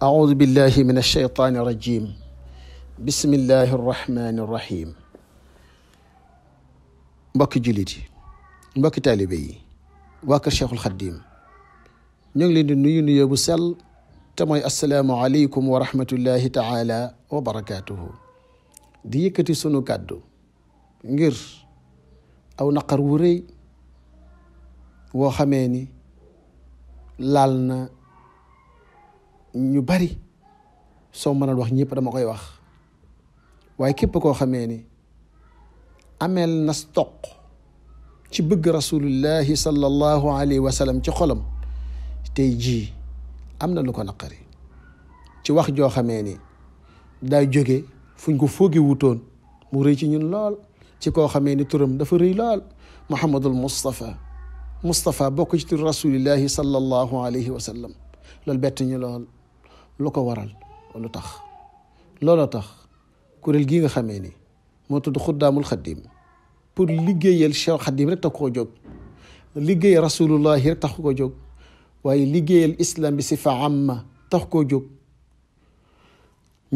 أعوذ بالله من الشيطان الرجيم بسم الله الرحمن الرحيم mbokki jullit yi mbokki taalibe yi waa kër Cheikhul Khadim ñu ngi leen di nuyu nuyoo bu sell te mooy wa rahmatullahi taala wa barakaatuhu sunu kàddu ngir aw naqar wu rëy woo xamee ñu bari soo mënal wax ñëpp dama koy wax waaye képp koo xamee ni ameel na stoq ci bëgg rasulullahi sallallahu alayhi wa sallam ci xolam tey jii am na lu ko naqari ci wax joo xamee ni daa jóge fuñ ko foogi wutoon mu rëy ci ñun lool ci koo xamee ni turam dafa rëy lool muhammadul mustafa mustafa bokk ci tur rasulillahi sallallahu alayhi wa sallam loolu bett ñu lool lu ko waral lu tax looloo tax kuréel gii nga xamee ni moo tudd xuddaamul xaddim pour liggéeyal Cheikh Xaddim rek tax koo jog liggéeyal rasulullahi rek tax koo waaye liggéeyal islam bi sifa amma tax koo jóg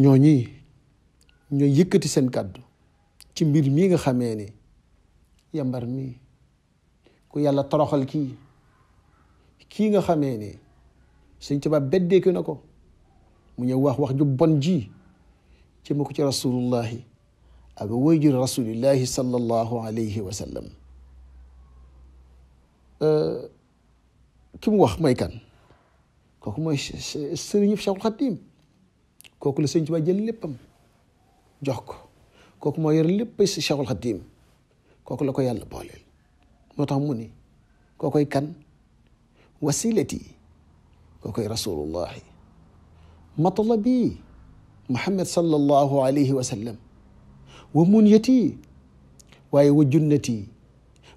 ñooñi ñoo yëkkati seen kàddu ci mbir mii nga xamee ni yambar mii ku yàlla toroxal kii kii nga xamee ni Sëñ Tuubaa beddeeku na ko mu ñëw wax wax ju bon ji ci ma ko ci rasulullahi ak wayjur rasulillahi sallallahu alayhi wa sallam euh, ki mu wax mooy kan kooku mooy sëriñu Cheikhul Xadim kooku la sëriñ Tuubaa jël ko kooku moo yor léppay kooku la ko yàlla booleel moo tax mu ni kookoy kan wasilati kookoy rasulullahi مطلبي محمد صلى الله عليه وسلم ومنيتي واي وجنتي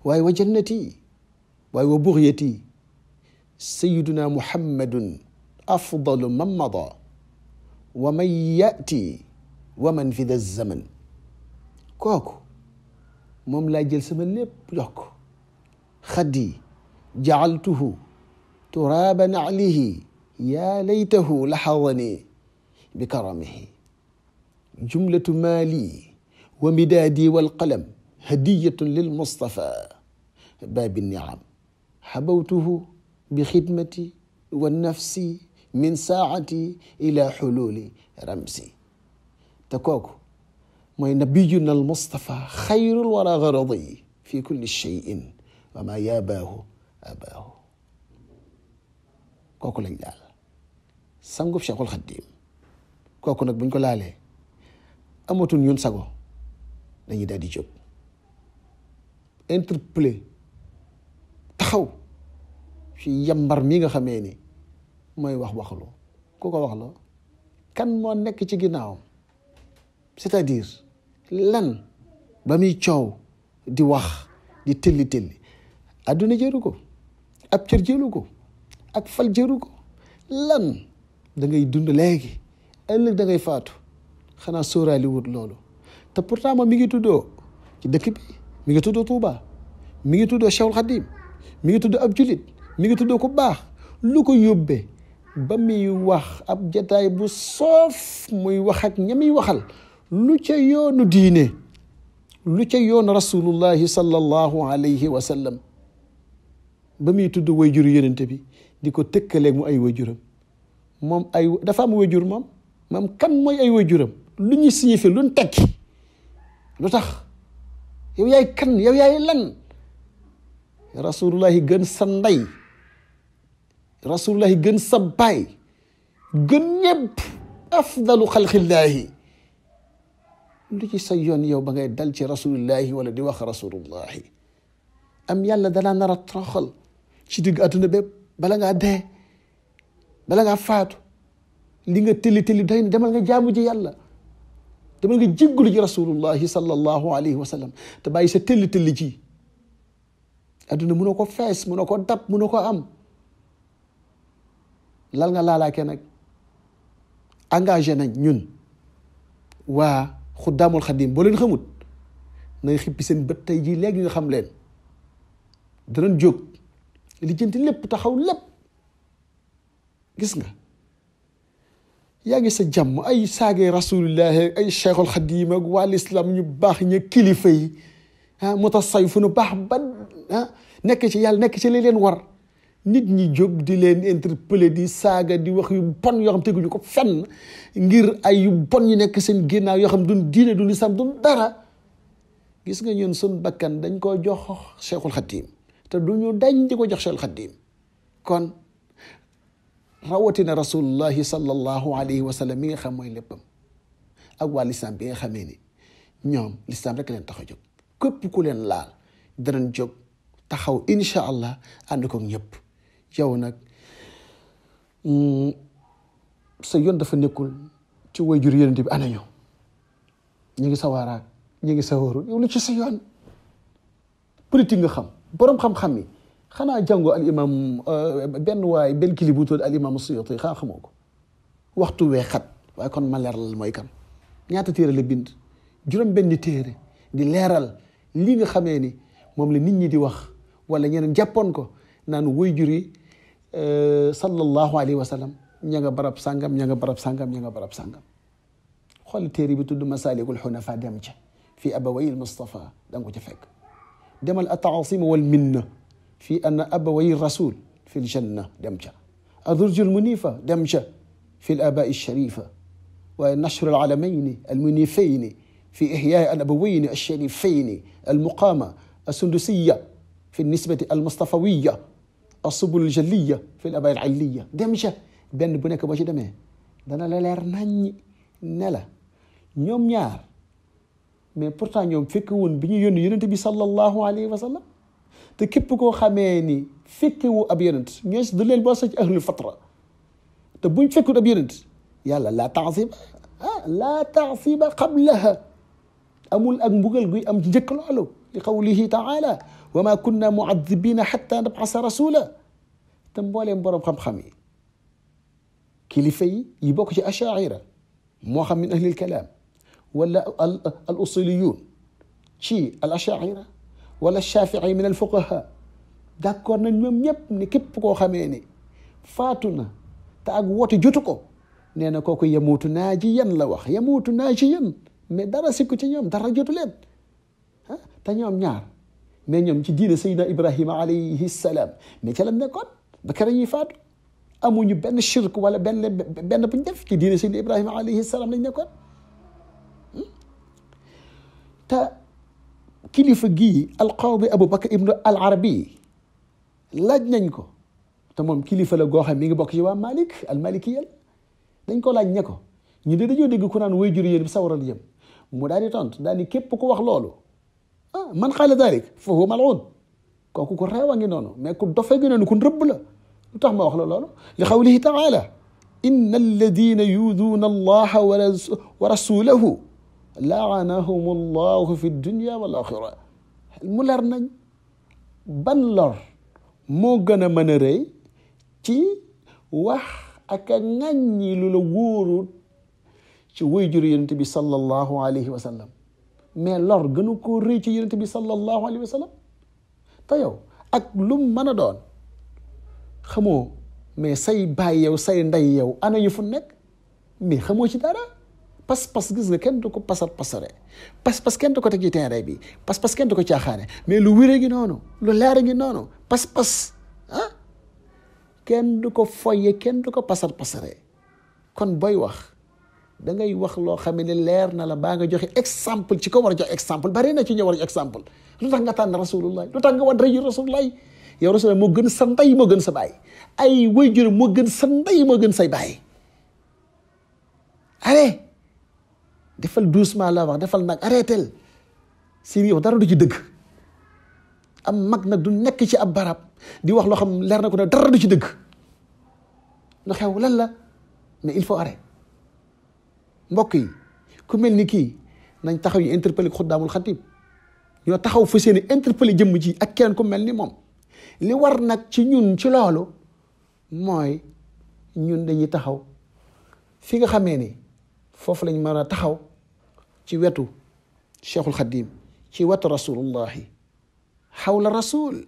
واي وجنتي واي وبغيتي سيدنا محمد أفضل من مضى ومن يأتي ومن في ذا الزمن kooku moom laa jël sama lépp yokk xaddi jacaltuhu turaaban alihi yaa laytahu laxadani bi karamihi jumlatu maali wa midaadi walqalam hadiyatun lil Mustafa baabi niam xabawtuhu bi xidmati wa nafsi min saacati ila xululi ramsi te kooku mooy nabiyuna al Mustafa xayrul wara garadi fi kulli cheyin wa ma yaabaahu abaahu kooku lañ daal sangub Cheikhul Xaddim kooku nag bu buñ ko laalee amatul ñun sago dañuy daal di jóg interpellé taxaw ci yambar mii nga xamee ni mooy wax waxlu ku ko wax la kan moo nekk ci ginnaawam c'est-à-dire lan ba muy coow di wax di tëlli tëlli adduna jëru ko ab cër jëru ko ak fal jëru ko lan da ngay dund léegi ëllëg da ngay faatu xanaa sóoraali wut loolu te pourtant moom mi ngi tuddoo ci dëkk bi mi ngi tuddoo Touba mi ngi tuddoo Cheikhul Khadim mi ngi tuddoo ab julit mi ngi tuddoo ku baax lu ko yóbbee ba muy wax ab jataay bu soof muy wax ak ña muy waxal lu ca yoonu diine lu ca yoonu rasulullahi sallallahu alayhi wa sallam ba muy tudd way juru yonente bi di ko tëkkaleeg mu ay way juram moom ay dafa am wajur moom moom kan mooy ay wajuram lu ñu signifié lu ñu tekki lu tax yow yay kan yow yaay lan rasulullahi gën sa ndey rasulullahi gën sa baay gën ñëpp afdalu xalqillaahi lu ci sa yoon yow ba ngay dal ci rasulullahi wala di wax rasulullahi am yàlla danaa nara a toroxal ci digg àdduna bépp bala ngaa dee bala ngaa faatu li nga tëli tëli day demal nga jaamu ji yàlla demal nga jéggulu ji rasulullahi sallallahu alayhi wa sallam te bàyyi sa tëli tëli ji adduna mënoo ko fees mënoo ko dab mënoo ko am lal nga laalaake nag engage na ñun waa xuddaamul xadim boo leen xamut na nga xippi seen bët tey jii léegi nga xam leen danañ jóg li jënti lépp taxaw lépp gis nga yaa ngi sa jàmm ay saagee rasulillahi ay cheikhul xadim ak wal islam ñu baax ña kilifa yi ah mutasay fu nu baax ban ah nekk ci yàlla nekk ci li leen war nit ñi jóg di leen interpeller di saaga di wax yu bon yoo xam teguñu ko fenn ngir ay yu bon ñu nekk seen ginnaaw yoo xam duñ diine duñ islam duñ dara gis nga ñun sun bakkan dañ koo jox cheikhul xadim te du ñu dañ di ko jox cheikhul xadim kon rawatina rasulullahi sallallahu alayhi wa sallam mi nga xam mooy léppam ak waa lislaam bi nga xamee ni ñoom lislaam rek leen tax jog jóg képp ku leen laal danañ jóg taxaw incha allah ànd ko ñëpp yow nag mm, sa yoon dafa nekkul ci wayjur yonent bi anañu ñu ngi sawaaraak ñu ngi sawaru yow lu ci sa yoon politique xam boroom xam-xam yi xanaa jàngo al imam euh, benn waay benn kili bu tudd al imam Suyuti ko waxtu wee xat kon ma leeralal mooy kan ñaata téere la bind juróom benn téere di leeral lii nga xamee ni moom li nit ñi di wax wala ñeneen jàppoon ko naan wuy juri euh, sallallahu alayhi wa sallam ña nga barab sàngam ña nga barab sàngam ña nga barab sàngam xool téere bi tudd masalikul xunafa dem ca fii abawayil Mustafa da nga ko ca fekk demal ataasimu wal minna fii anna abaway rasul fi ljanna dem ca adurjul munifa dem ca fi l abai sharifa waaye nashru alalameyni almunifayni fi ihyaai al abawayni alsharifayni almuqama assundusiya fi nisbati almustafawiya asubul aljalliya fi l abai alaliya dem ca benn bu nekk boo ci demee dana la leer naññ ne la ñoom ñaar mais pourtant ñoom fekk woon bi ñu yónni yonente bi sallallahu alayhi wa sallam te képp koo xamee ni fekkewu ab yonent ñooñu du leen boo sa ci ahlul fatra te buñ fekkul ab yonent yàlla laa taasiba ah laa taasiba qablaha amul ak mbugal guy am ci njëkk loolu li qawlihi taala wa ma kunna muadibina xatta nabasa rasula te mbooleem boroom xam-xam yi kilifa yi yi bokk ci achaira moo xam min ahlil kalaam wala al usuliyun ci al achaira wala shafii min al fuqaha d' accord nañ ñoom ñëpp ni képp koo xamee ni faatu na te ak woote jotu ko nee na kooku yamuutu naaji yan la wax yamuutu naaji yan mais dara sikku ci ñoom dara jotu leen ah te ñoom ñaar mais ñoom ci diine sayidina ibrahima alayhi salaam mais ca la nekkoon ba kera ñuy faatu amuñu benn shirk wala benn benn buñ def ci diine sayidina ibrahima alayhi salaam lañ nekkoon hmm? te kilifa gii alqaadi Abu Bakr ibnu al Arabi laaj nañ ko te moom kilifa la goo xam mi ngi bokk ci waa Malik al dañ ko laaj ne ko ñu de dañoo dégg ku naan way jur yéen bi sawaral jëm mu daal di tontu daal ah, man xaala daalik fa huwa mal'un ko ku reew a noonu mais ku dofe ngi noonu ku rëbb la lu tax ma wax la loolu li qawlihi taala inna alladina yuduuna allaha wa rasulahu laanahum allahu fi dunia wal axira mu leer nañ ban lor moo gën a mën a rëy ci wax ak a ŋàññi lu la wóorut ci wayjur yonent bi sallallahu alayhi wa sallam mais lor gënu ko rëy ci yonent bi sallallahu alayhi wa sallam te yow ak lum mën a doon xamoo mais say baay yow say ndey yow ana ñu fu nekk mais xamoo ci dara pas-pas gis nga kenn du ko pasar pasare pas-pas kenn du ko teg ci terrain bi pas-pas kenn du ko caaxaane mais lu wéré gi noonu lu leer gi noonu pas-pas ah kenn du ko foye kenn du ko pasar pasare kon booy wax da ngay wax loo xam ne leer na la baa nga joxe exemple ci ko war a jox exemple bari na ci ñëw war a jox exemple lu tax nga tànn rasulullah lu tax nga war a ji rasulullah yow moo gën sa ndey moo gën sa baay ay wayjur moo gën sa ndey moo gën say baay defal doucement la wax defal nag arrêtel si yow dara du ci dëgg am mag nag du nekk ci ab barab di wax loo xam leer na ko ne dara du ci dëgg lu xew lan la mais il faut arrêter mbokk yi ku mel ni kii nañ taxaw yi ñu interpellé xuddaamul xatib ñoo taxaw fa seen interpellé jëmm ji ak kenn ku mel ni moom li war nag ci ñun ci loolu mooy ñun dañuy taxaw fi nga xamee ni foofu lañ mën a taxaw ci wetu cheikhul xadim ci wetu rasulullahi xawla rasul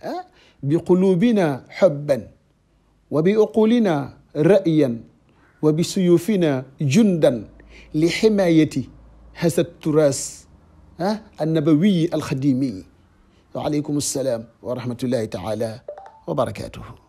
ah bi qulubina xobban wa bi uqulina ra'yan wa bi suyufina jundan li ximayati hasa turas ah annabawiyi alxadimiyi wa aleykum alsalaam wa rahmatullahi taala wa barakatuhu